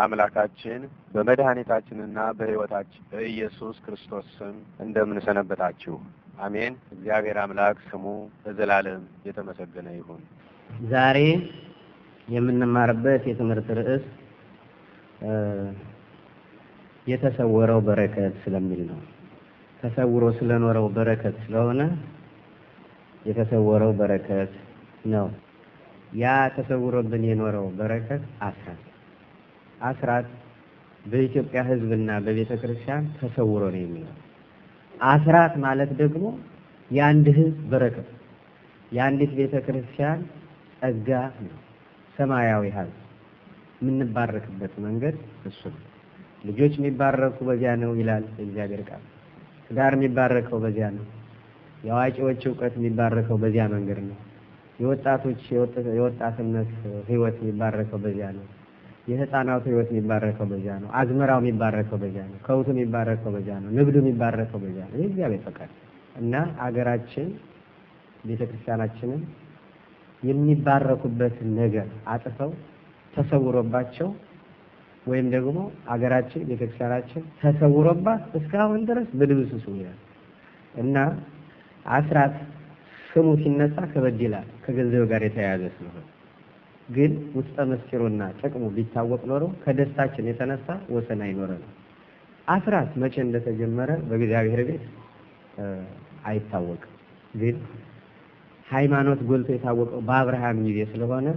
በአምላካችን በመድኃኒታችንና በሕይወታችን በኢየሱስ ክርስቶስ ስም እንደምንሰነበታችሁ አሜን። እግዚአብሔር አምላክ ስሙ በዘላለም የተመሰገነ ይሁን። ዛሬ የምንማርበት የትምህርት ርዕስ የተሰወረው በረከት ስለሚል ነው። ተሰውሮ ስለኖረው በረከት ስለሆነ የተሰወረው በረከት ነው። ያ ተሰውሮብን የኖረው በረከት አስራት አስራት በኢትዮጵያ ሕዝብና በቤተ ክርስቲያን ተሰውሮ ነው የሚኖር። አስራት ማለት ደግሞ የአንድ ሕዝብ በረከት የአንዲት ቤተ ክርስቲያን ጸጋ ነው። ሰማያዊ ሀብት የምንባረክበት መንገድ እሱ ነው። ልጆች የሚባረኩ በዚያ ነው ይላል እግዚአብሔር ቃል። ትዳር የሚባረከው በዚያ ነው። የአዋቂዎች እውቀት የሚባረከው በዚያ መንገድ ነው። የወጣቶች የወጣትነት ህይወት የሚባረከው በዚያ ነው። የህፃናቱ ህይወት የሚባረከው በዛ ነው። አዝመራው የሚባረከው በዛ ነው። ከውቱ የሚባረከው በዛ ነው። ንግዱ የሚባረከው በዛ ነው። እግዚአብሔር ፈቃድ እና አገራችን ቤተክርስቲያናችንን የሚባረኩበት ነገር አጥፈው ተሰውሮባቸው ወይም ደግሞ አገራችን ቤተክርስቲያናችን ተሰውሮባት እስካሁን ድረስ በልብስ ይላል እና አስራት ስሙ ሲነሳ ከበድ ይላል ከገንዘብ ጋር የተያያዘ ስለሆነ ግን ውስጠ መስኪሩና ጥቅሙ ቢታወቅ ኖሮ ከደስታችን የተነሳ ወሰን አይኖረን። አስራት መቼ እንደተጀመረ በእግዚአብሔር ቤት አይታወቅም። ግን ሃይማኖት ጎልቶ የታወቀው በአብርሃም ጊዜ ስለሆነ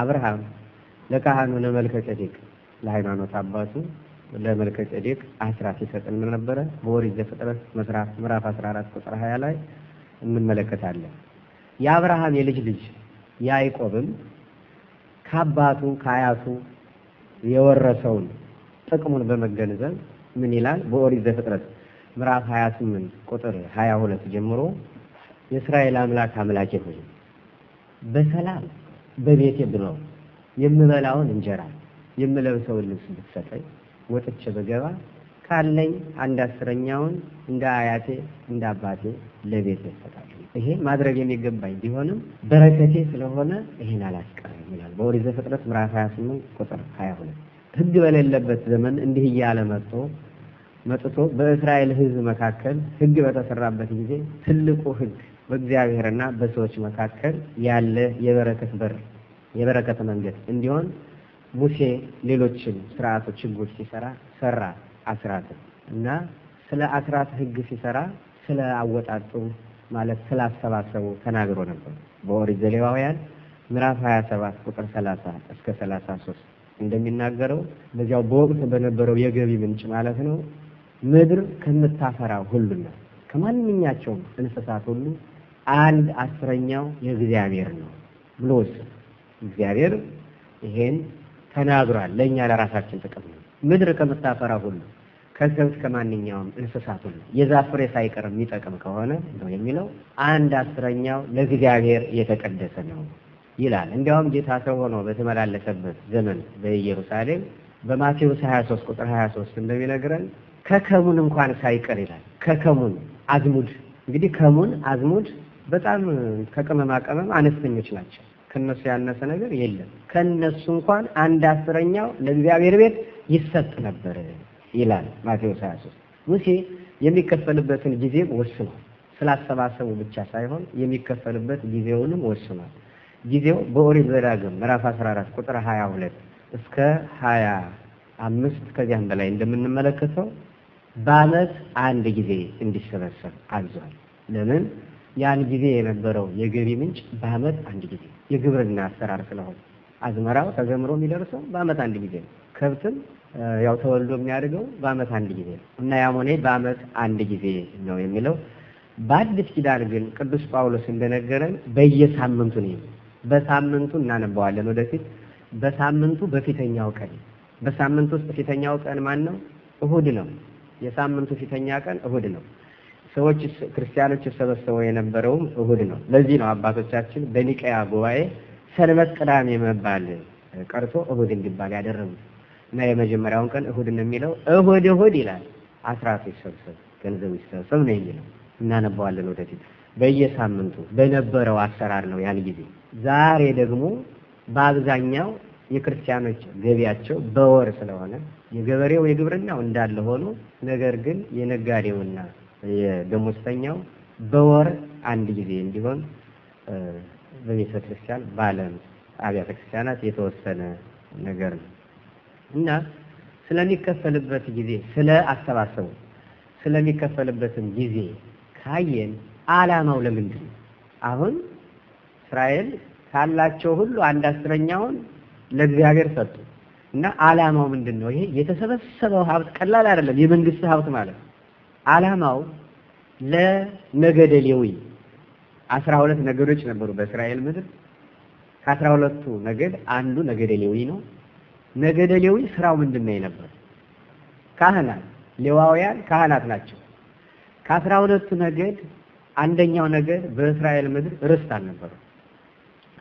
አብርሃም ለካህኑ ለመልከጼዴቅ ለሃይማኖት አባቱ ለመልከጼዴቅ አስራት ይሰጥን ነበረ። በኦሪት ዘፍጥረት ምዕራፍ 14 ቁጥር 20 ላይ እንመለከታለን። የአብርሃም የልጅ ልጅ ያዕቆብም ከአባቱ ከአያቱ የወረሰውን ጥቅሙን በመገንዘብ ምን ይላል? በኦሪት ዘፍጥረት ምዕራፍ 28 ቁጥር 22 ጀምሮ የእስራኤል አምላክ አምላኬ ሆይ በሰላም በቤቴ ብለው የምበላውን እንጀራ የምለብሰውን ልብስ ብትሰጠኝ ወጥቼ በገባ ካለኝ አንድ አስረኛውን እንደ አያቴ እንደ አባቴ ለቤት ይሰጣል። ይሄ ማድረግ የሚገባኝ ቢሆንም በረከቴ ስለሆነ ይሄን አላስቀርም ይላል በኦሪት ዘፍጥረት ምዕራፍ 28 ቁጥር 22። ህግ በሌለበት ዘመን እንዲህ እያለ መጥቶ መጥቶ በእስራኤል ህዝብ መካከል ህግ በተሰራበት ጊዜ ትልቁ ህግ በእግዚአብሔርና በሰዎች መካከል ያለ የበረከት በር የበረከት መንገድ እንዲሆን ሙሴ ሌሎችን ስርዓቶች፣ ሕጎች ሲሰራ ሰራ አስራት እና ስለ አስራት ህግ ሲሰራ ስለ አወጣጡ ማለት ስላሰባሰቡ ተናግሮ ነበር በኦሪት ዘሌዋውያን ምዕራፍ 27 ቁጥር 30 እስከ 33 እንደሚናገረው በዚያው በወቅት በነበረው የገቢ ምንጭ ማለት ነው ምድር ከምታፈራ ሁሉና ከማንኛቸውም እንስሳት ሁሉ አንድ አስረኛው የእግዚአብሔር ነው ብሎ እግዚአብሔር ይሄን ተናግሯል። ለእኛ ለራሳችን ጥቅም ነው። ምድር ከምታፈራ ሁሉ ከከብት ከማንኛውም እንስሳት ሁሉ የዛፍ ፍሬ ሳይቀር የሚጠቅም ከሆነ ነው የሚለው አንድ አስረኛው ለእግዚአብሔር የተቀደሰ ነው። ይላል። እንዲያውም ጌታ ሰው ሆኖ በተመላለሰበት ዘመን በኢየሩሳሌም በማቴዎስ 23 ቁጥር 23 እንደሚነግረን ከከሙን እንኳን ሳይቀር ይላል። ከከሙን አዝሙድ እንግዲህ ከሙን አዝሙድ በጣም ከቅመማ ቅመም አነስተኞች ናቸው። ከነሱ ያነሰ ነገር የለም። ከነሱ እንኳን አንድ አስረኛው ለእግዚአብሔር ቤት ይሰጥ ነበር ይላል ማቴዎስ 23። ሙሴ የሚከፈልበትን ጊዜ ወስኗል። ስላሰባሰቡ ብቻ ሳይሆን የሚከፈልበት ጊዜውንም ወስኗል። ጊዜው በኦሪት ዘዳግም ምዕራፍ 14 ቁጥር 22 እስከ 25 ከዚያም በላይ እንደምንመለከተው በዓመት አንድ ጊዜ እንዲሰበሰብ አዟል። ለምን? ያን ጊዜ የነበረው የገቢ ምንጭ በዓመት አንድ ጊዜ የግብርና አሰራር ስለሆነ አዝመራው ተዘምሮ የሚደርሰው በዓመት አንድ ጊዜ ነው። ከብትም ያው ተወልዶ የሚያደርገው በዓመት አንድ ጊዜ ነው እና ያም ሆነ በዓመት አንድ ጊዜ ነው የሚለው። በአዲስ ኪዳን ግን ቅዱስ ጳውሎስ እንደነገረን በየሳምንቱ ነው በሳምንቱ እናነባዋለን ወደፊት። በሳምንቱ በፊተኛው ቀን በሳምንቱ ውስጥ ፊተኛው ቀን ማን ነው? እሁድ ነው። የሳምንቱ ፊተኛ ቀን እሁድ ነው። ሰዎች ክርስቲያኖች ተሰበሰበው የነበረውም እሁድ ነው። ለዚህ ነው አባቶቻችን በኒቀያ ጉባኤ ሰንበት ቅዳሜ መባል ቀርቶ እሁድ እንዲባል ያደረጉት እና የመጀመሪያውን ቀን እሁድ ነው የሚለው እሁድ እሁድ ይላል። አስራት ይሰብሰብ፣ ገንዘብ ይሰብሰብ ነው የሚለው። እናነባዋለን ወደፊት። በየሳምንቱ በነበረው አሰራር ነው ያን ጊዜ ዛሬ ደግሞ በአብዛኛው የክርስቲያኖች ገቢያቸው በወር ስለሆነ የገበሬው የግብርናው እንዳለ ሆኖ፣ ነገር ግን የነጋዴውና የደሞዝተኛው በወር አንድ ጊዜ እንዲሆን በቤተ ክርስቲያን ባለም አብያተ ክርስቲያናት የተወሰነ ነገር ነው እና ስለሚከፈልበት ጊዜ ስለ አሰባሰቡ ስለሚከፈልበትም ጊዜ ካየን ዓላማው ለምንድን ነው አሁን እስራኤል ካላቸው ሁሉ አንድ አስረኛውን ለእግዚአብሔር ሰጡ እና አላማው ምንድን ነው? ይሄ የተሰበሰበው ሀብት ቀላል አይደለም። የመንግስት ሀብት ማለት ነው። አላማው ለነገደ ሌዊ አስራ ሁለት ነገዶች ነበሩ በእስራኤል ምድር። ከአስራ ሁለቱ ነገድ አንዱ ነገደ ሌዊ ነው። ነገደ ሌዊ ስራው ምንድን ነው የነበረ? ካህናት፣ ሌዋውያን ካህናት ናቸው። ከአስራ ሁለቱ ነገድ አንደኛው ነገድ በእስራኤል ምድር ርስት አልነበረው።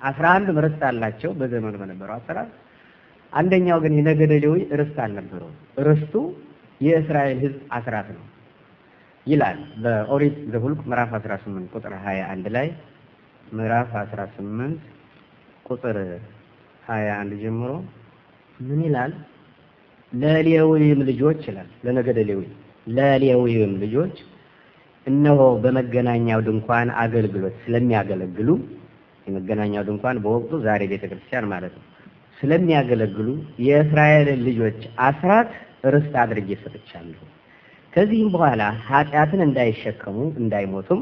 አስራ አንድ ርስት አላቸው በዘመኑ በነበረው አሰራር። አንደኛው ግን የነገደ ሌዊ ርስት አልነበረውም። ርስቱ የእስራኤል ሕዝብ አስራት ነው ይላል በኦሪት ዘሁልቅ ምዕራፍ 18 ቁጥር 21 ላይ ምዕራፍ 18 ቁጥር 21 ጀምሮ ምን ይላል? ለሌዊም ልጆች ይላል ለነገደ ሌዊ ለሌዊም ልጆች እነሆ በመገናኛው ድንኳን አገልግሎት ስለሚያገለግሉ መገናኛው ድንኳን በወቅቱ ዛሬ ቤተክርስቲያን ማለት ነው ስለሚያገለግሉ የእስራኤልን ልጆች አስራት ርስት አድርጌ ሰጥቻለሁ። ከዚህም በኋላ ኃጢአትን እንዳይሸከሙ እንዳይሞቱም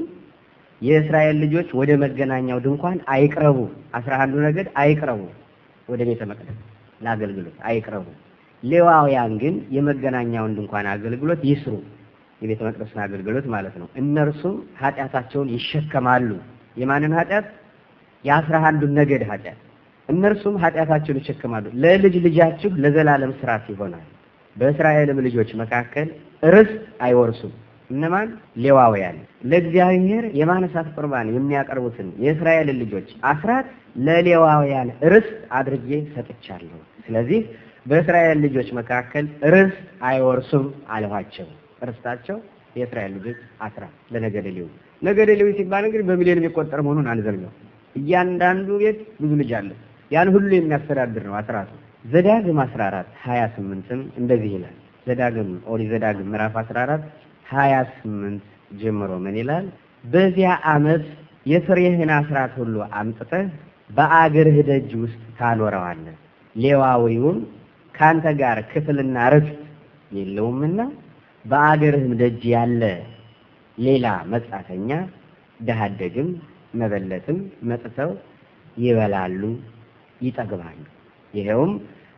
የእስራኤል ልጆች ወደ መገናኛው ድንኳን አይቅረቡ፣ አስራ አንዱ ነገድ አይቅረቡ፣ ወደ ቤተ መቅደስ ለአገልግሎት አይቅረቡ። ሌዋውያን ግን የመገናኛውን ድንኳን አገልግሎት ይስሩ፣ የቤተ መቅደስን አገልግሎት ማለት ነው። እነርሱም ኃጢአታቸውን ይሸከማሉ። የማንን ኃጢአት? የአስራ አንዱን ነገድ ኃጢአት እነርሱም ኃጢአታቸውን ይሸከማሉ። ለልጅ ልጃችሁ ለዘላለም ስራት ይሆናል። በእስራኤልም ልጆች መካከል ርስት አይወርሱም። እነማን? ሌዋውያን ለእግዚአብሔር የማነሳት ቁርባን የሚያቀርቡትን የእስራኤልን ልጆች አስራት ለሌዋውያን ርስት አድርጌ ሰጥቻለሁ። ስለዚህ በእስራኤል ልጆች መካከል ርስት አይወርሱም አልኋቸው። ርስታቸው የእስራኤል ልጆች አስራት ለነገደ ሌዊ። ነገደ ሌዊ ሲባል እንግዲህ በሚሊዮን የሚቆጠር መሆኑን አንዘንጋው። እያንዳንዱ ቤት ብዙ ልጅ አለ። ያን ሁሉ የሚያስተዳድር ነው አስራቱ። ዘዳግም 14 28ም እንደዚህ ይላል። ዘዳግም ኦሪት ዘዳግም ምዕራፍ 14 28 ጀምሮ ምን ይላል? በዚያ ዓመት የፍሬህን አስራት ሁሉ አምጥተህ በአገርህ ደጅ ውስጥ ታኖረዋለህ። ሌዋዊውም ካንተ ጋር ክፍልና ርስት የለውምና በአገርህም ደጅ ያለ ሌላ መጻተኛ ደሃ መበለትም መጥተው ይበላሉ፣ ይጠግባሉ። ይሄውም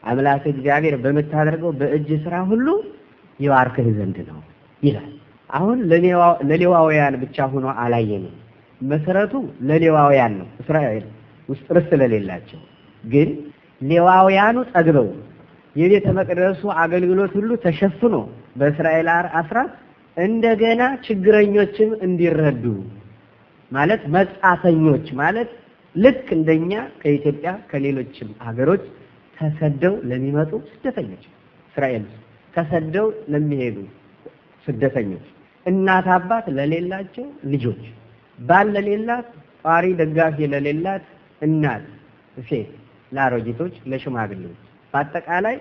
አምላክ እግዚአብሔር በምታደርገው በእጅ ስራ ሁሉ ይባርክህ ዘንድ ነው ይላል። አሁን ለሌዋውያን ብቻ ሆኖ አላየንም። መሰረቱ ለሌዋውያን ነው። እስራኤል ውስጥ ርስ ስለሌላቸው ግን ሌዋውያኑ ጠግበው የቤተ መቅደሱ አገልግሎት ሁሉ ተሸፍኖ በእስራኤል አስራት እንደገና ችግረኞችም እንዲረዱ ማለት መጻተኞች ማለት ልክ እንደኛ ከኢትዮጵያ ከሌሎችም ሀገሮች ተሰደው ለሚመጡ ስደተኞች እስራኤል ተሰደው ለሚሄዱ ስደተኞች፣ እናት አባት ለሌላቸው ልጆች፣ ባል ለሌላት፣ ጧሪ ደጋፊ ለሌላት እናት፣ ሴት፣ ለአሮጊቶች፣ ለሽማግሌዎች በአጠቃላይ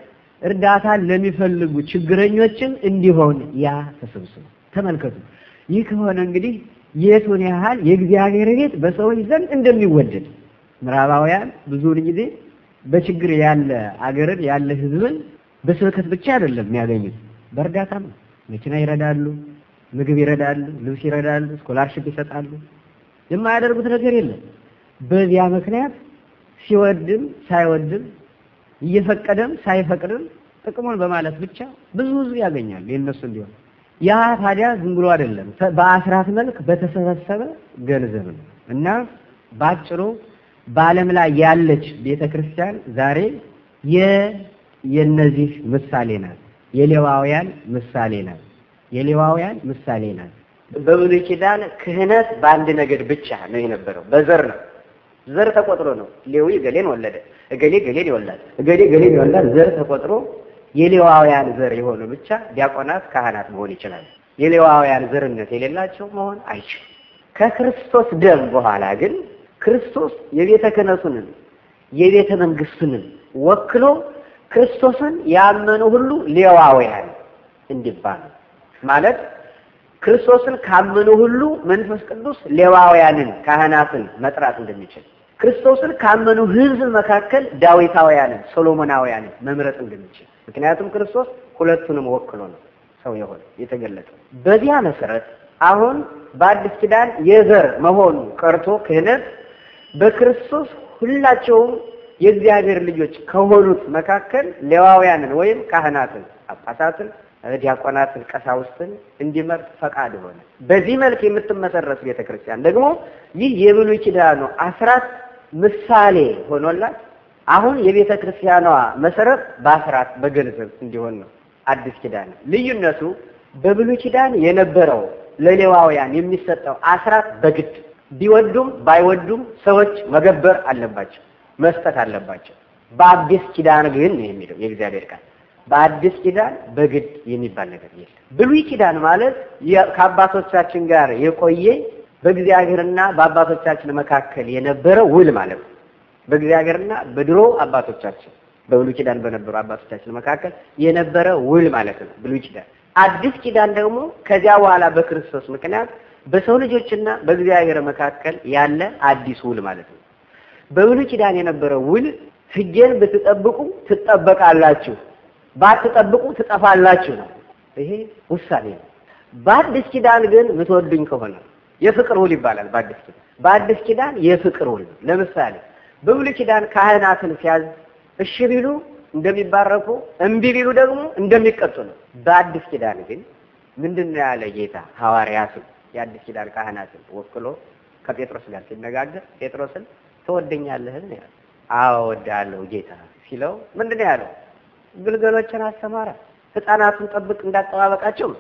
እርዳታ ለሚፈልጉ ችግረኞችን እንዲሆን ያ ተሰብስቡ። ተመልከቱ። ይህ ከሆነ እንግዲህ የቱን ያህል የእግዚአብሔር ቤት በሰዎች ዘንድ እንደሚወደድ ምዕራባውያን ብዙውን ጊዜ በችግር ያለ አገርን ያለ ህዝብን በስብከት ብቻ አይደለም የሚያገኙት፣ በእርዳታ ነው። መኪና ይረዳሉ፣ ምግብ ይረዳሉ፣ ልብስ ይረዳሉ፣ ስኮላርሽፕ ይሰጣሉ። የማያደርጉት ነገር የለም። በዚያ ምክንያት ሲወድም ሳይወድም እየፈቀደም ሳይፈቅድም ጥቅሙን በማለት ብቻ ብዙ ህዝብ ያገኛል የእነሱ እንዲሆን ያ ታዲያ ዝም ብሎ አይደለም፣ በአስራት መልክ በተሰበሰበ ገንዘብ ነው እና ባጭሩ በዓለም ላይ ያለች ቤተክርስቲያን ዛሬ የ የነዚህ ምሳሌ ናት። የሌዋውያን ምሳሌ ናት። የሌዋውያን ምሳሌ ናት። በብሉይ ኪዳን ክህነት በአንድ ነገድ ብቻ ነው የነበረው፣ በዘር ነው። ዘር ተቆጥሮ ነው ሌዊ ገሌን ወለደ፣ እገሌ ገሌን ይወላል፣ እገሌ ገሌን ይወላል። ዘር ተቆጥሮ የሌዋውያን ዘር የሆኑ ብቻ ዲያቆናት፣ ካህናት መሆን ይችላል። የሌዋውያን ዘርነት የሌላቸው መሆን አይችልም። ከክርስቶስ ደም በኋላ ግን ክርስቶስ የቤተ ክህነቱንም የቤተ መንግስቱንም ወክሎ ክርስቶስን ያመኑ ሁሉ ሌዋውያን እንዲባሉ ማለት ክርስቶስን ካመኑ ሁሉ መንፈስ ቅዱስ ሌዋውያንን ካህናትን መጥራት እንደሚችል ክርስቶስን ካመኑ ህዝብ መካከል ዳዊታውያንን ሶሎሞናውያንን መምረጥ እንድንችል ምክንያቱም ክርስቶስ ሁለቱንም ወክሎ ነው ሰው የሆነ የተገለጠ በዚያ መሰረት አሁን በአዲስ ኪዳን የዘር መሆኑ ቀርቶ ክህነት በክርስቶስ ሁላቸውም የእግዚአብሔር ልጆች ከሆኑት መካከል ሌዋውያንን ወይም ካህናትን፣ ጳጳሳትን፣ ዲያቆናትን፣ ቀሳውስትን እንዲመርጥ ፈቃድ ሆነ። በዚህ መልክ የምትመሰረት ቤተክርስቲያን ደግሞ ይህ የብሉይ ኪዳኑ አስራት ምሳሌ ሆኖላት አሁን የቤተ ክርስቲያኗ መሰረት በአስራት በገንዘብ እንዲሆን ነው። አዲስ ኪዳን ልዩነቱ በብሉይ ኪዳን የነበረው ለሌዋውያን የሚሰጠው አስራት በግድ ቢወዱም ባይወዱም ሰዎች መገበር አለባቸው፣ መስጠት አለባቸው። በአዲስ ኪዳን ግን ነው የሚለው የእግዚአብሔር ቃል። በአዲስ ኪዳን በግድ የሚባል ነገር የለም። ብሉይ ኪዳን ማለት ከአባቶቻችን ጋር የቆየ በእግዚአብሔርና በአባቶቻችን መካከል የነበረ ውል ማለት ነው። በእግዚአብሔርና በድሮ አባቶቻችን በብሉይ ኪዳን በነበሩ አባቶቻችን መካከል የነበረ ውል ማለት ነው ብሉይ ኪዳን። አዲስ ኪዳን ደግሞ ከዚያ በኋላ በክርስቶስ ምክንያት በሰው ልጆችና በእግዚአብሔር መካከል ያለ አዲስ ውል ማለት ነው። በብሉይ ኪዳን የነበረ ውል ሕጌን ብትጠብቁ ትጠበቃላችሁ፣ ባትጠብቁ ትጠፋላችሁ ነው። ይሄ ውሳኔ ነው። በአዲስ ኪዳን ግን ምትወዱኝ ከሆነ የፍቅር ውል ይባላል በአዲስ ኪዳን። በአዲስ ኪዳን የፍቅር ውል ነው። ለምሳሌ በብሉይ ኪዳን ካህናትን ሲያዝ እሺ ቢሉ እንደሚባረኩ፣ እምቢ ቢሉ ደግሞ እንደሚቀጡ ነው። በአዲስ ኪዳን ግን ምንድን ነው ያለ ጌታ ሐዋርያትን የአዲስ ኪዳን ካህናትን ወክሎ ከጴጥሮስ ጋር ሲነጋገር ጴጥሮስን ትወደኛለህን ነው ያለው። አዎ እወድሃለሁ ጌታ ሲለው ምንድን ነው ያለው? ግልገሎችን አሰማራ፣ ህፃናቱን ጠብቅ እንዳጠባበቃቸው።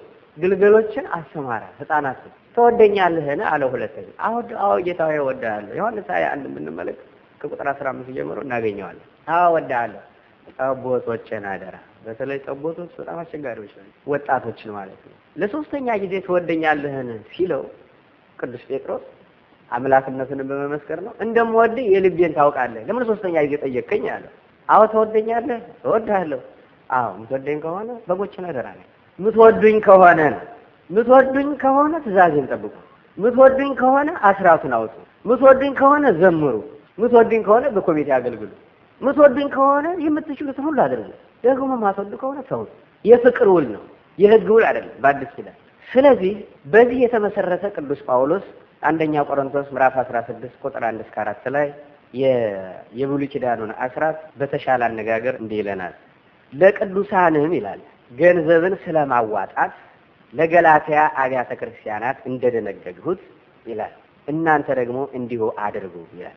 ግልገሎችን አሰማራ ህፃናቱን ተወደኛለህን አለው ሁለተኛ አሁን አዎ ጌታ ሆይ እወድሃለሁ ዮሐንስ ሀያ አንድ የምንመለክ ከቁጥር አስራ አምስት ጀምሮ እናገኘዋለን አዎ እወድሃለሁ ጠቦቶችን አደራ በተለይ ጠቦቶች በጣም አስቸጋሪዎች ናቸው ወጣቶችን ማለት ነው ለሶስተኛ ጊዜ ትወደኛለህን ሲለው ቅዱስ ጴጥሮስ አምላክነትን በመመስከር ነው እንደምወድ የልቤን ታውቃለህ ለምን ሶስተኛ ጊዜ ጠየቀኝ? አለው አዎ ትወደኛለህ እወድሃለሁ አዎ የምትወደኝ ከሆነ በጎችን አደራ ነው የምትወዱኝ ከሆነ ነው ምትወዱኝ ከሆነ ትእዛዜን ጠብቁ፣ ምትወዱኝ ከሆነ አስራቱን አውጡ፣ ምትወዱኝ ከሆነ ዘምሩ፣ ምትወዱኝ ከሆነ በኮሚቴ አገልግሉ፣ ምትወዱኝ ከሆነ የምትችሉትን ሁሉ አድርጉ፣ ደግሞ ማትወዱ ከሆነ ተው። የፍቅር ውል ነው፣ የህግ ውል አይደለም በአዲስ ኪዳን። ስለዚህ በዚህ የተመሰረተ ቅዱስ ጳውሎስ አንደኛ ቆሮንቶስ ምዕራፍ 16 ቁጥር 1 እስከ 4 ላይ የብሉይ ኪዳኑን አስራት በተሻለ አነጋገር እንዲህ ይለናል። ለቅዱሳንም ይላል ገንዘብን ስለማዋጣት ለገላትያ አብያተ ክርስቲያናት እንደደነገግሁት ይላል። እናንተ ደግሞ እንዲሁ አድርጉ ይላል።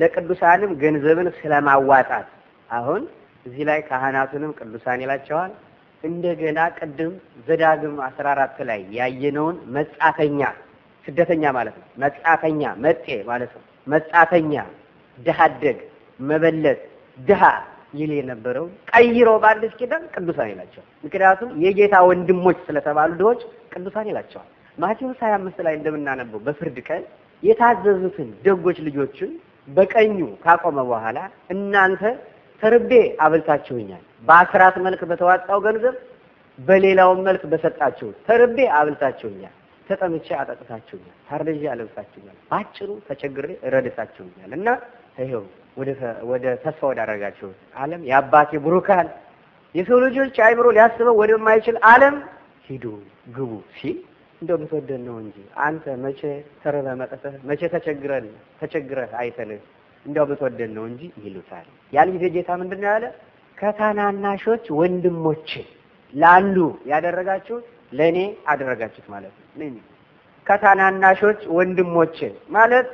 ለቅዱሳንም ገንዘብን ስለማዋጣት አሁን እዚህ ላይ ካህናቱንም ቅዱሳን ይላቸዋል። እንደገና ቅድም ዘዳግም አስራ አራት ላይ ያየነውን መጻተኛ ስደተኛ ማለት ነው። መጻተኛ መጤ ማለት ነው። መጻተኛ ድሃደግ መበለት ድሃ ይል የነበረው ቀይሮ በአዲስ ኪዳን ቅዱሳን ይላቸዋል። ምክንያቱም የጌታ ወንድሞች ስለተባሉ ድሆች ቅዱሳን ይላቸዋል። ማቴዎስ 25 ላይ እንደምናነበው በፍርድ ቀን የታዘዙትን ደጎች ልጆችን በቀኙ ካቆመ በኋላ እናንተ ተርቤ አብልታችሁኛል፣ በአስራት መልክ በተዋጣው ገንዘብ በሌላው መልክ በሰጣችሁ ተርቤ አብልታችሁኛል፣ ተጠምቼ አጠጥታችሁኛል፣ ታርዤ አለብሳችሁኛል፣ ባጭሩ ተቸግሬ ረድታችሁኛል እና ይሄው ወደ ተስፋ ወዳደረጋችሁት ዓለም የአባቴ ብሩካን የሰው ልጆች አይምሮ ሊያስበው ወደማይችል ዓለም ሂዱ ግቡ ሲል እንደምትወደን ነው እንጂ አንተ መቼ ተርበህ መጠተህ መቼ ተቸግረን ተቸግረህ አይተንህ እንደምትወደን ነው እንጂ ይሉታል። ያን ጊዜ ጌታ ምንድን ነው ያለ? ከታናናሾች ወንድሞች ለአንዱ ያደረጋችሁት ለእኔ አደረጋችሁት ማለት ነው። ከታናናሾች ወንድሞች ማለት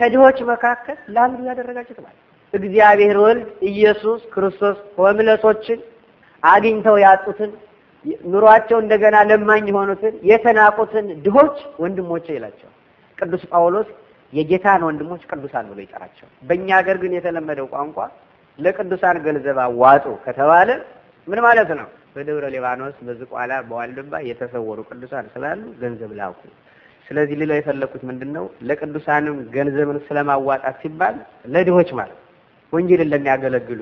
ከድሆች መካከል ለአንዱ ያደረጋችሁት ማለት እግዚአብሔር ወልድ ኢየሱስ ክርስቶስ ሆምለሶችን አግኝተው ያጡትን ኑሯቸው እንደገና ለማኝ የሆኑትን የተናቁትን ድሆች ወንድሞቼ ይላቸው። ቅዱስ ጳውሎስ የጌታን ወንድሞች ቅዱሳን ብሎ ይጠራቸው። በእኛ ሀገር ግን የተለመደው ቋንቋ ለቅዱሳን ገንዘብ አዋጡ ከተባለ ምን ማለት ነው? በደብረ ሊባኖስ፣ በዝቋላ፣ በዋልድባ የተሰወሩ ቅዱሳን ስላሉ ገንዘብ ላኩ። ስለዚህ ልለው የፈለኩት ምንድነው ለቅዱሳንም ገንዘብን ስለማዋጣት ሲባል ለድሆች ማለት ወንጌልን ለሚያገለግሉ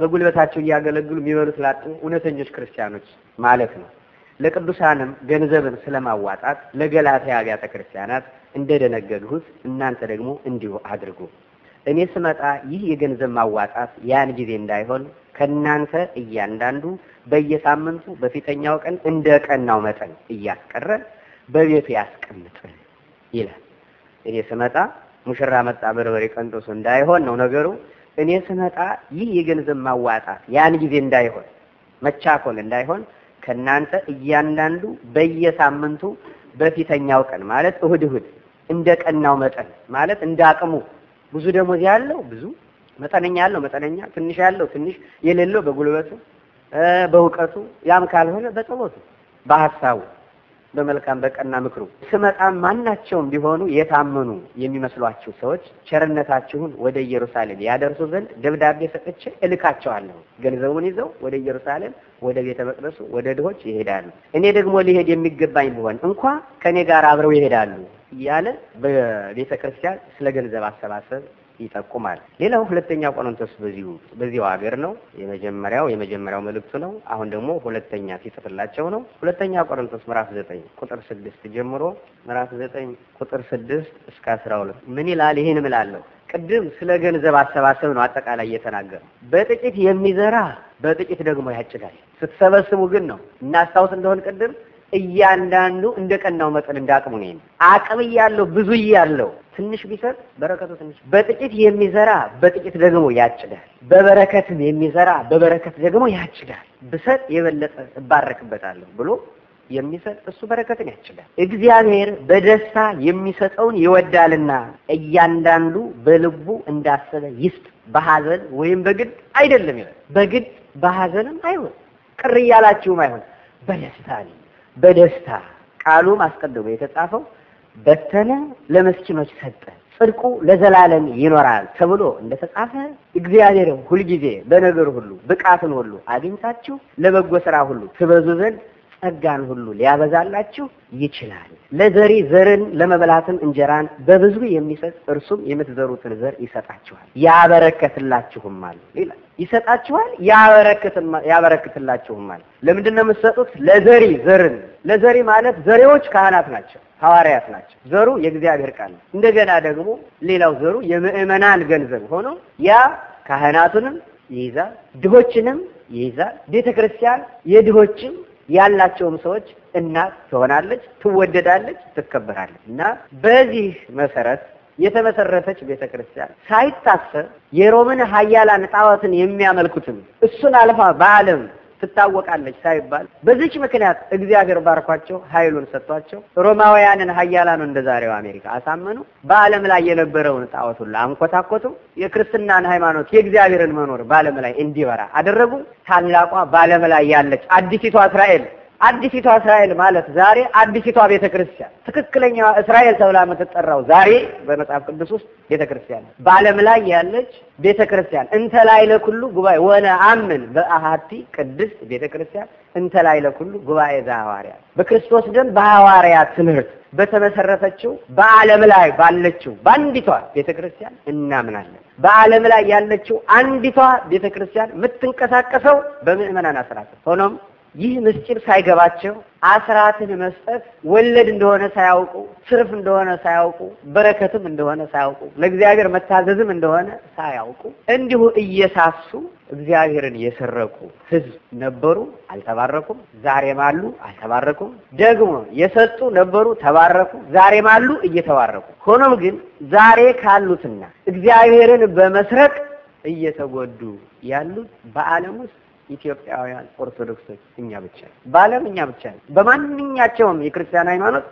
በጉልበታቸው እያገለግሉ የሚበሉት ላጡ እውነተኞች ክርስቲያኖች ማለት ነው። ለቅዱሳንም ገንዘብን ስለማዋጣት ለገላትያ አብያተ ክርስቲያናት እንደደነገግሁት እናንተ ደግሞ እንዲሁ አድርጉ። እኔ ስመጣ ይህ የገንዘብ ማዋጣት ያን ጊዜ እንዳይሆን ከእናንተ እያንዳንዱ በየሳምንቱ በፊተኛው ቀን እንደ ቀናው መጠን እያስቀረ በቤቱ ያስቀምጥን ይላል። እኔ ስመጣ ሙሽራ መጣ በርበሬ ቀንጦስ እንዳይሆን ነው ነገሩ። እኔ ስመጣ ይህ የገንዘብ ማዋጣት ያን ጊዜ እንዳይሆን መቻኮል እንዳይሆን ከእናንተ እያንዳንዱ በየሳምንቱ በፊተኛው ቀን ማለት እሁድ እሁድ እንደ ቀናው መጠን ማለት እንደ አቅሙ ብዙ ደሞዝ ያለው ብዙ፣ መጠነኛ ያለው መጠነኛ፣ ትንሽ ያለው ትንሽ፣ የሌለው በጉልበቱ በእውቀቱ፣ ያም ካልሆነ በጸሎቱ በሀሳቡ በመልካም በቀና ምክሩ ስመጣም ማናቸውም ቢሆኑ የታመኑ የሚመስሏችሁ ሰዎች ቸርነታችሁን ወደ ኢየሩሳሌም ያደርሱ ዘንድ ደብዳቤ ሰጥቼ እልካቸዋለሁ። ገንዘቡን ይዘው ወደ ኢየሩሳሌም፣ ወደ ቤተ መቅደሱ፣ ወደ ድሆች ይሄዳሉ። እኔ ደግሞ ሊሄድ የሚገባኝ ቢሆን እንኳ ከእኔ ጋር አብረው ይሄዳሉ እያለ በቤተ ክርስቲያን ስለ ገንዘብ አሰባሰብ ይጠቁማል። ሌላው ሁለተኛ ቆሮንቶስ በዚሁ በዚሁ ሀገር ነው። የመጀመሪያው የመጀመሪያው መልእክቱ ነው። አሁን ደግሞ ሁለተኛ ሲጽፍላቸው ነው። ሁለተኛ ቆሮንቶስ ምዕራፍ ዘጠኝ ቁጥር ስድስት ጀምሮ ምዕራፍ ዘጠኝ ቁጥር ስድስት እስከ አስራ ሁለት ምን ይላል? ይህን እምላለሁ ቅድም ስለ ገንዘብ አሰባሰብ ነው አጠቃላይ እየተናገረ በጥቂት የሚዘራ በጥቂት ደግሞ ያጭዳል። ስትሰበስቡ ግን ነው እናስታውስ እንደሆን ቅድም እያንዳንዱ እንደ ቀናው መጠን እንደ አቅሙ ነው። አቅም እያለው ብዙ እያለው ትንሽ ቢሰጥ በረከቱ ትንሽ፣ በጥቂት የሚዘራ በጥቂት ደግሞ ያጭዳል፣ በበረከትም የሚዘራ በበረከት ደግሞ ያጭዳል። ብሰጥ የበለጠ እባረክበታለሁ ብሎ የሚሰጥ እሱ በረከትን ያጭዳል። እግዚአብሔር በደስታ የሚሰጠውን ይወዳልና እያንዳንዱ በልቡ እንዳሰበ ይስጥ፣ በሐዘን ወይም በግድ አይደለም ይላል። በግድ በሐዘንም አይሆን፣ ቅር እያላችሁም አይሆን፣ በደስታ በደስታ ቃሉም አስቀድሞ የተጻፈው በተነ ለመስኪኖች ሰጠ፣ ጽድቁ ለዘላለም ይኖራል ተብሎ እንደተጻፈ እግዚአብሔር ሁልጊዜ በነገር ሁሉ ብቃትን ሁሉ አግኝታችሁ ለበጎ ስራ ሁሉ ትበዙ ዘንድ ጸጋን ሁሉ ሊያበዛላችሁ ይችላል። ለዘሪ ዘርን ለመብላትም እንጀራን በብዙ የሚሰጥ እርሱም የምትዘሩትን ዘር ይሰጣችኋል ያበረከትላችሁማል ይላል። ይሰጣችኋል ያበረክትላችሁማል። ለምንድን ነው የምትሰጡት? ለዘሪ ዘርን። ለዘሪ ማለት ዘሬዎች ካህናት ናቸው። ሐዋርያት ናቸው። ዘሩ የእግዚአብሔር ቃል ነው። እንደገና ደግሞ ሌላው ዘሩ የምእመናን ገንዘብ ሆኖ ያ ካህናቱንም ይይዛል፣ ድሆችንም ይይዛል። ቤተ ክርስቲያን የድሆችም ያላቸውም ሰዎች እናት ትሆናለች፣ ትወደዳለች፣ ትከበራለች እና በዚህ መሰረት የተመሰረተች ቤተ ክርስቲያን ሳይታሰብ የሮምን ሀያላን ጣዖትን የሚያመልኩትን እሱን አልፋ በዓለም ትታወቃለች ሳይባል በዚች ምክንያት እግዚአብሔር ባርኳቸው ኃይሉን ሰጥቷቸው ሮማውያንን ሀያላኑ እንደ ዛሬው አሜሪካ አሳመኑ። በዓለም ላይ የነበረውን ጣዖት ሁሉ አንኮታኮቱ። የክርስትናን ሃይማኖት የእግዚአብሔርን መኖር በዓለም ላይ እንዲበራ አደረጉ። ታላቋ በዓለም ላይ ያለች አዲሲቷ እስራኤል አዲሲቷ እስራኤል ማለት ዛሬ አዲሲቷ ቤተክርስቲያን ትክክለኛዋ እስራኤል ተብላ የምትጠራው ዛሬ በመጽሐፍ ቅዱስ ውስጥ ነው። በዓለም ላይ ያለች ቤተክርስቲያን እንተ ላይ ለኩሉ ጉባኤ ወነ አምን በአሃቲ ቅድስት ክርስቲያን እንተ ላይ ለኩሉ ጉባኤ ዘሐዋርያት በክርስቶስ ደም በሐዋርያት ትምህርት በተመሰረተችው በዓለም ላይ ባለችው በአንዲቷ ቤተክርስቲያን እናምናለን። በዓለም ላይ ያለችው አንዲቷ ቤተክርስቲያን የምትንቀሳቀሰው በምዕመናን አስራት ሆኖም ይህ ምስጢር ሳይገባቸው አስራትን መስጠት ወለድ እንደሆነ ሳያውቁ ትርፍ እንደሆነ ሳያውቁ በረከትም እንደሆነ ሳያውቁ ለእግዚአብሔር መታዘዝም እንደሆነ ሳያውቁ እንዲሁ እየሳሱ እግዚአብሔርን የሰረቁ ሕዝብ ነበሩ። አልተባረኩም። ዛሬም አሉ፣ አልተባረኩም። ደግሞ የሰጡ ነበሩ፣ ተባረኩ። ዛሬም አሉ፣ እየተባረኩ ሆኖም ግን ዛሬ ካሉትና እግዚአብሔርን በመስረቅ እየተጎዱ ያሉት በዓለም ውስጥ ኢትዮጵያውያን ኦርቶዶክሶች እኛ ብቻ በዓለም እኛ ብቻ ነው። በማንኛቸውም የክርስቲያን ሃይማኖት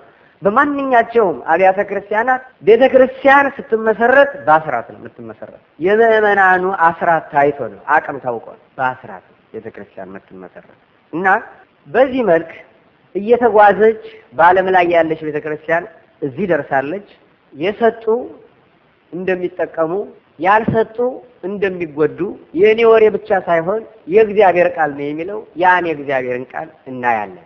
በማንኛቸውም አብያተ ክርስቲያናት ቤተ ክርስቲያን ስትመሰረት በአስራት ነው የምትመሰረት። የምዕመናኑ አስራት ታይቶ ነው አቅም ታውቆ ነው በአስራት ነው ቤተ ክርስቲያን የምትመሰረት እና በዚህ መልክ እየተጓዘች በዓለም ላይ ያለች ቤተ ክርስቲያን እዚህ ደርሳለች። የሰጡ እንደሚጠቀሙ ያልሰጡ እንደሚጎዱ የእኔ ወሬ ብቻ ሳይሆን የእግዚአብሔር ቃል ነው የሚለው ያን የእግዚአብሔርን ቃል እናያለን።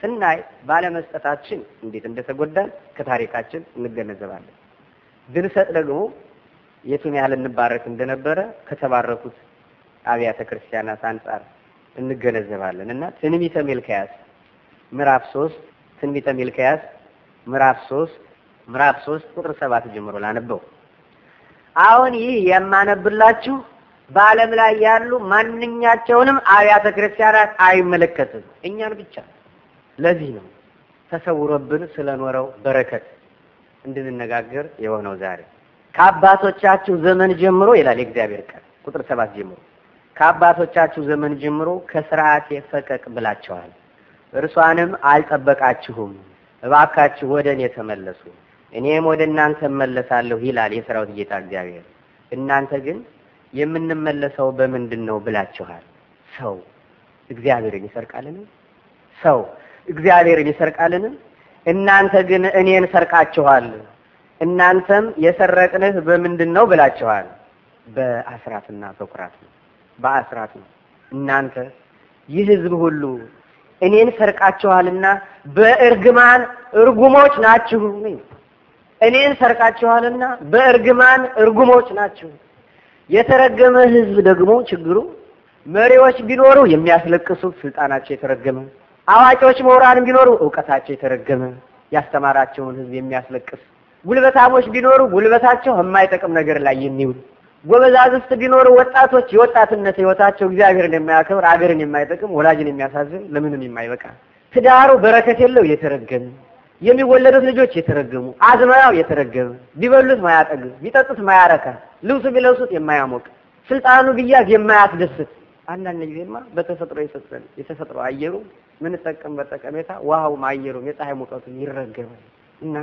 ስናይ ባለመስጠታችን እንዴት እንደተጎዳን ከታሪካችን እንገነዘባለን። ብንሰጥ ደግሞ የቱን ያህል እንባረክ እንደነበረ ከተባረኩት አብያተ ክርስቲያናት አንጻር እንገነዘባለን እና ትንቢተ ሚልክያስ ምዕራፍ 3 ትንቢተ ሚልክያስ ምዕራፍ 3 ምዕራፍ 3 ቁጥር 7 ጀምሮ ላነበው አሁን ይህ የማነብላችሁ በዓለም ላይ ያሉ ማንኛቸውንም አብያተ ክርስቲያናት አይመለከትም፣ እኛን ብቻ። ለዚህ ነው ተሰውሮብን ስለኖረው በረከት እንድንነጋገር የሆነው ዛሬ። ከአባቶቻችሁ ዘመን ጀምሮ ይላል የእግዚአብሔር ቃል ቁጥር ሰባት ጀምሮ ከአባቶቻችሁ ዘመን ጀምሮ ከስርዓቴ ፈቀቅ ብላቸዋል እርሷንም አልጠበቃችሁም። እባካችሁ ወደ እኔ ተመለሱ። እኔም ወደ እናንተ እመለሳለሁ ይላል የሰራዊት ጌታ እግዚአብሔር። እናንተ ግን የምንመለሰው በምንድን ነው ብላችኋል። ሰው እግዚአብሔርን ይሰርቃልን? ሰው እግዚአብሔርን ይሰርቃልን? እናንተ ግን እኔን ሰርቃችኋል። እናንተም የሰረቅንህ በምንድን ነው ብላችኋል። በአስራትና በኩራት ነው፣ በአስራት ነው። እናንተ ይህ ህዝብ ሁሉ እኔን ሰርቃችኋልና በእርግማን እርጉሞች ናችሁ። እኔን ሰርቃችኋልና በእርግማን እርጉሞች ናችሁ። የተረገመ ህዝብ ደግሞ ችግሩ መሪዎች ቢኖሩ የሚያስለቅሱ ስልጣናቸው የተረገመ፣ አዋቂዎች ምሁራን ቢኖሩ እውቀታቸው የተረገመ ያስተማራቸውን ህዝብ የሚያስለቅስ፣ ጉልበታሞች ቢኖሩ ጉልበታቸው የማይጠቅም ነገር ላይ የሚውል፣ ጎበዛዝት ቢኖሩ ወጣቶች የወጣትነት ህይወታቸው እግዚአብሔርን የማያከብር አገርን የማይጠቅም ወላጅን የሚያሳዝን ለምንም የማይበቃ ትዳሩ በረከት የለው የተረገመ የሚወለዱት ልጆች የተረገሙ፣ አዝመራው የተረገመ፣ ቢበሉት ማያጠግብ፣ ቢጠጡት ማያረካ፣ ልብሱ ቢለብሱት የማያሞቅ፣ ስልጣኑ ቢያዝ የማያስደስት። አንዳንድ ጊዜማ በተፈጥሮ የሰጠን የተፈጥሮ አየሩ ምንጠቀምበት ጠቀሜታ ውሃውም አየሩም የፀሐይ ሙቀቱ ይረገማል እና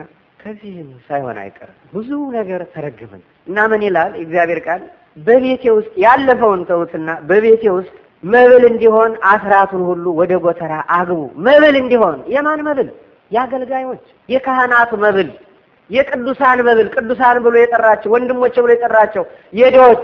ከዚህም ሳይሆን አይቀርም ብዙ ነገር ተረግመን እና ምን ይላል እግዚአብሔር ቃል በቤቴ ውስጥ ያለፈውን ተውትና በቤቴ ውስጥ መብል እንዲሆን አስራቱን ሁሉ ወደ ጎተራ አግቡ። መብል እንዲሆን የማን መብል? የአገልጋዮች የካህናት መብል የቅዱሳን መብል ቅዱሳን ብሎ የጠራቸው ወንድሞች ብሎ የጠራቸው የድሆች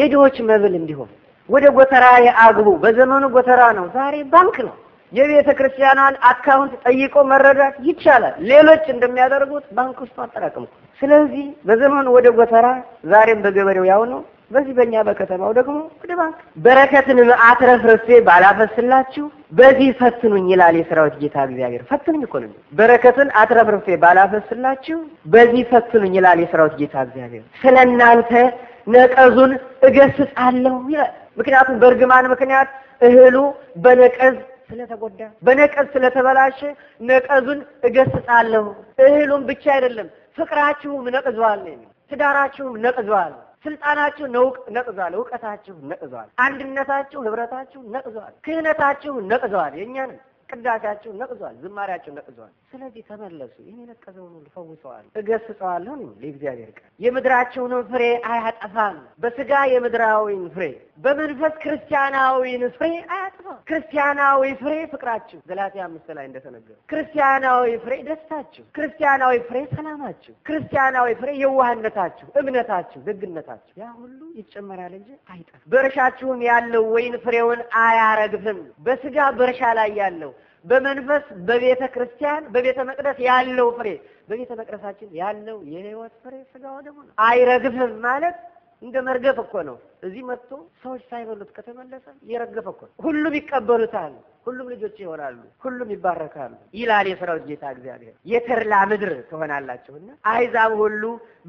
የድሆች መብል እንዲሆን ወደ ጎተራ የአግቡ በዘመኑ ጎተራ ነው፣ ዛሬ ባንክ ነው። የቤተ ክርስቲያኗን አካውንት ጠይቆ መረዳት ይቻላል። ሌሎች እንደሚያደርጉት ባንክ ውስጥ አጠራቅሙ። ስለዚህ በዘመኑ ወደ ጎተራ ዛሬም በገበሬው ያው ነው። በዚህ በእኛ በከተማው ደግሞ ወደ ባንክ በረከትን አትረፍርፌ ባላፈስላችሁ በዚህ ፈትኑኝ ይላል የሰራዊት ጌታ እግዚአብሔር። ፈትኑኝ እኮ ነው። በረከትን አትረፍርፌ ባላፈስላችሁ በዚህ ፈትኑኝ ይላል የሰራዊት ጌታ እግዚአብሔር። ስለ እናንተ ነቀዙን እገስጻለሁ ይላል። ምክንያቱም በእርግማን ምክንያት እህሉ በነቀዝ ስለተጎዳ በነቀዝ ስለተበላሸ ነቀዙን እገስጻለሁ። እህሉም ብቻ አይደለም ፍቅራችሁም ነቅዟል፣ ትዳራችሁም ነቅዟል። ስልጣናችሁ ነቅዟል፣ እውቀታችሁ ነቅዟል፣ አንድነታችሁ ህብረታችሁ ነቅዟል፣ ክህነታችሁ ነቅዟል። ነው ቅዳሴያቸው ነቅዟል፣ ዝማሬያቸው ነቅዟል። ስለዚህ ተመለሱ፣ ይህን የነቀዘውን ሁሉ ፈውሰዋለሁ፣ እገስጸዋለሁ። ለእግዚአብሔር ቃል የምድራቸውንም ፍሬ አያጠፋም። በስጋ የምድራዊን ፍሬ፣ በመንፈስ ክርስቲያናዊን ፍሬ አያጠፋም። ክርስቲያናዊ ፍሬ ፍቅራችሁ፣ ገላትያ አምስት ላይ እንደተነገሩ ክርስቲያናዊ ፍሬ ደስታችሁ፣ ክርስቲያናዊ ፍሬ ሰላማችሁ፣ ክርስቲያናዊ ፍሬ የዋህነታችሁ፣ እምነታችሁ፣ ደግነታችሁ፣ ያ ሁሉ ይጨመራል እንጂ አይጠፋም። በእርሻችሁም ያለው ወይን ፍሬውን አያረግፍም። በስጋ በእርሻ ላይ ያለው በመንፈስ በቤተ ክርስቲያን በቤተ መቅደስ ያለው ፍሬ በቤተ መቅደሳችን ያለው የህይወት ፍሬ ስጋው አይረግፍም ማለት እንደ መርገፍ እኮ ነው። እዚህ መጥቶ ሰዎች ሳይበሉት ከተመለሰ የረገፈ እኮ ሁሉም ይቀበሉታል፣ ሁሉም ልጆች ይሆናሉ፣ ሁሉም ይባረካሉ ይላል የሰራዊት ጌታ እግዚአብሔር። የተድላ ምድር ትሆናላችሁና አሕዛብ ሁሉ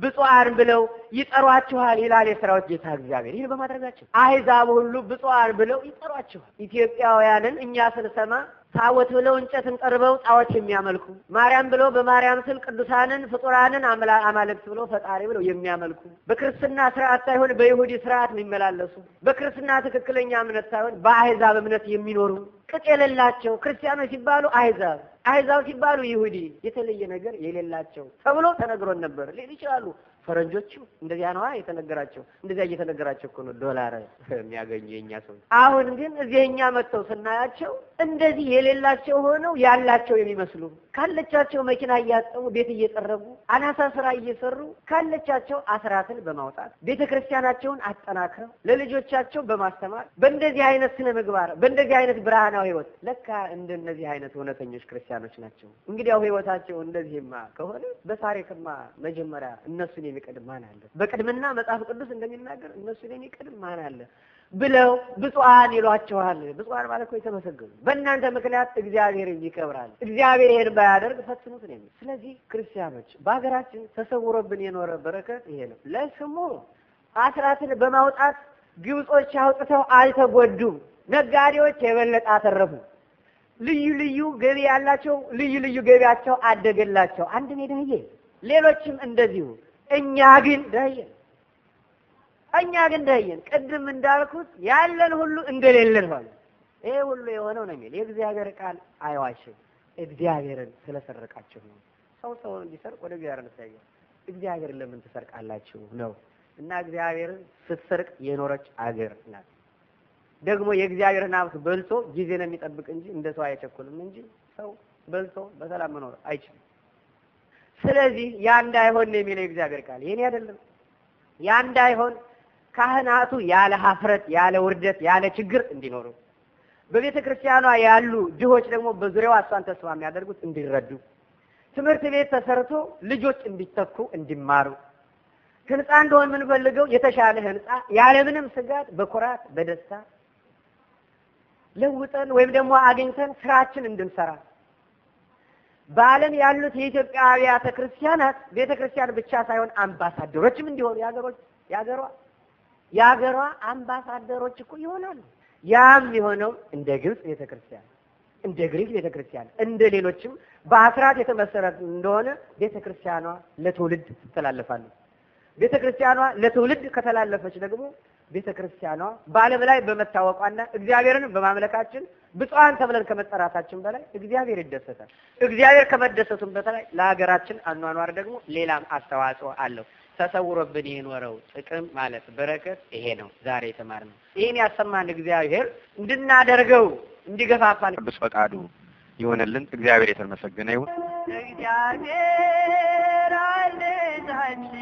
ብፁዓን ብለው ይጠሯችኋል ይላል የሰራዊት ጌታ እግዚአብሔር። ይህን በማድረጋቸው አሕዛብ ሁሉ ብፁዓን ብለው ይጠሯችኋል። ኢትዮጵያውያንን እኛ ስንሰማ ታቦት ብለው እንጨትን ጠርበው ጣዖት የሚያመልኩ ማርያም ብለው በማርያም ስል ቅዱሳንን ፍጡራንን አማልክት ብለው ፈጣሪ ብለው የሚያመልኩ በክርስትና ስርዓት ሳይሆን በይሁዲ ስርዓት የሚመላለሱ በክርስትና ትክክለኛ እምነት ሳይሆን በአህዛብ እምነት የሚኖሩ ቅጥ የሌላቸው ክርስቲያኖች ሲባሉ አህዛብ አህዛብ ሲባሉ ይሁዲ የተለየ ነገር የሌላቸው ተብሎ ተነግሮን ነበር ሊል ይችላሉ። ፈረንጆቹ እንደዚያ ነዋ የተነገራቸው። እንደዚያ እየተነገራቸው እኮ ነው ዶላር የሚያገኙ የእኛ ሰው። አሁን ግን እዚህ እኛ መጥተው ስናያቸው እንደዚህ የሌላቸው ሆነው ያላቸው የሚመስሉ ካለቻቸው መኪና እያጠቡ ቤት እየጠረጉ አናሳ ስራ እየሰሩ ካለቻቸው አስራትን በማውጣት ቤተ ክርስቲያናቸውን አጠናክረው ለልጆቻቸው በማስተማር በእንደዚህ አይነት ስነ ምግባር በእንደዚህ አይነት ብርሃናዊ ህይወት ለካ እንደነዚህ አይነት እውነተኞች ክርስቲያኖች ናቸው። እንግዲያው ህይወታቸው እንደዚህማ ከሆነ በታሪክማ መጀመሪያ እነሱን የ የሚቀድም ማን አለ? በቅድምና መጽሐፍ ቅዱስ እንደሚናገር እነሱ ላይ የሚቀድም ማን አለ ብለው ብፁዓን ይሏቸዋል። ብፁዓን ማለት እኮ የተመሰገኑ፣ በእናንተ ምክንያት እግዚአብሔር ይከብራል። እግዚአብሔር ይሄን ባያደርግ ፈትኑት ነው የሚል። ስለዚህ ክርስቲያኖች በሀገራችን ተሰውሮብን የኖረ በረከት ይሄ ነው። ለስሙ አስራትን በማውጣት ግብጾች አውጥተው አልተጎዱም። ነጋዴዎች የበለጠ አተረፉ። ልዩ ልዩ ገቢ ያላቸው ልዩ ልዩ ገቢያቸው አደገላቸው። አንድ ሜዳዬ ሌሎችም እንደዚሁ እኛ ግን ደህየን እኛ ግን ደህየን። ቅድም እንዳልኩት ያለን ሁሉ እንደሌለን ሆነ። ይሄ ሁሉ የሆነው ነው የሚል የእግዚአብሔር ቃል አይዋሽም። እግዚአብሔርን ስለሰረቃችሁ ነው። ሰው ሰው እንዲሰርቅ ወደ እግዚአብሔር ነው። እግዚአብሔርን ለምን ትሰርቃላችሁ ነው እና እግዚአብሔርን ስትሰርቅ የኖረች አገር ናት። ደግሞ የእግዚአብሔርን ሀብት በልቶ ጊዜን የሚጠብቅ እንጂ እንደ ሰው አይቸኩልም እንጂ ሰው በልቶ በሰላም መኖር አይችልም። ስለዚህ ያ እንዳይሆን ነው የሚለው እግዚአብሔር ቃል። ይሄን አይደለም ያ እንዳይሆን ካህናቱ ያለ ሀፍረት፣ ያለ ውርደት፣ ያለ ችግር እንዲኖሩ በቤተ ክርስቲያኗ ያሉ ድሆች ደግሞ በዙሪያዋ እሷን ተስፋ የሚያደርጉት እንዲረዱ ትምህርት ቤት ተሰርቶ ልጆች እንዲተኩ እንዲማሩ ህንፃ እንደሆነ የምንፈልገው የተሻለ ህንፃ ያለምንም ስጋት በኩራት በደስታ ለውጠን ወይም ደግሞ አግኝተን ስራችን እንድንሰራ በዓለም ያሉት የኢትዮጵያ አብያተ ክርስቲያናት ቤተ ክርስቲያን ብቻ ሳይሆን አምባሳደሮችም እንዲሆኑ የሀገሮች የሀገሯ የሀገሯ አምባሳደሮች እኮ ይሆናሉ። ያም የሆነው እንደ ግብጽ ቤተ ክርስቲያን፣ እንደ ግሪክ ቤተ ክርስቲያን፣ እንደ ሌሎችም በአስራት የተመሰረት እንደሆነ ቤተ ክርስቲያኗ ለትውልድ ትተላለፋለች። ቤተ ክርስቲያኗ ለትውልድ ከተላለፈች ደግሞ ቤተ ክርስቲያኗ በዓለም ላይ በመታወቋና እግዚአብሔርን በማምለካችን ብፁዓን ተብለን ከመጠራታችን በላይ እግዚአብሔር ይደሰታል። እግዚአብሔር ከመደሰቱም በላይ ለሀገራችን አኗኗር ደግሞ ሌላም አስተዋጽኦ አለው። ተሰውሮብን የኖረው ጥቅም ማለት በረከት ይሄ ነው። ዛሬ የተማርነው ይህን ያሰማን እግዚአብሔር እንድናደርገው እንዲገፋፋን ቅዱስ ፈቃዱ ይሆነልን። እግዚአብሔር የተመሰገነ ይሁን። እግዚአብሔር አለ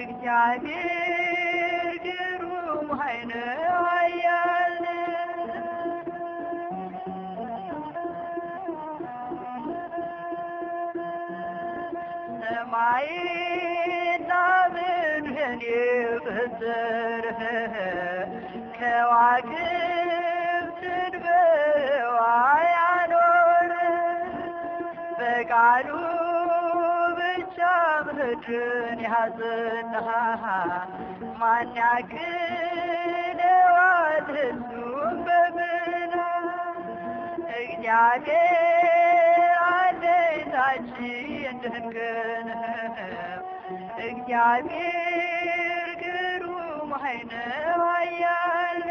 እግዚአብሔር ግሩም ኃይለ ኃያል ሰማይና ምድርን የፈጠረ ከዋክብት የሞትን የሐዘን ማን ያክለዋል እሱን በምን እግዚአብሔር አለታችን ድንግን እግዚአብሔር ግሩም ኃይል ኃያል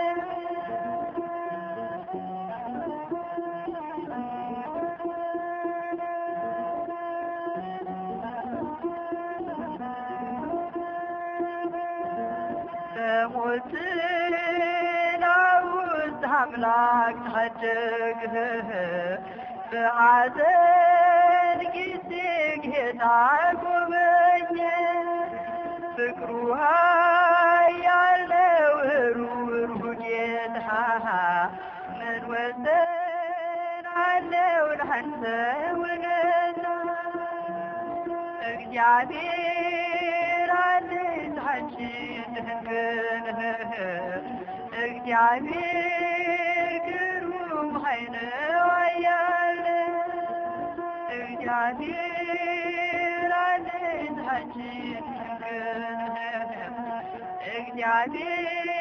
ትናውዝ አምላክ ተሐድግ በአዘን ጊዜ ጌታ ጎበኝ ፍቅሩ ያለው ሩሩ ጌታ ምን ወሰን አለው ለአንተ ውለታ እግዚአብሔር እግዚአብሔር ግሩም ኃይለ ኃያል እግዚአብሔር አለታችን እግዚአብሔር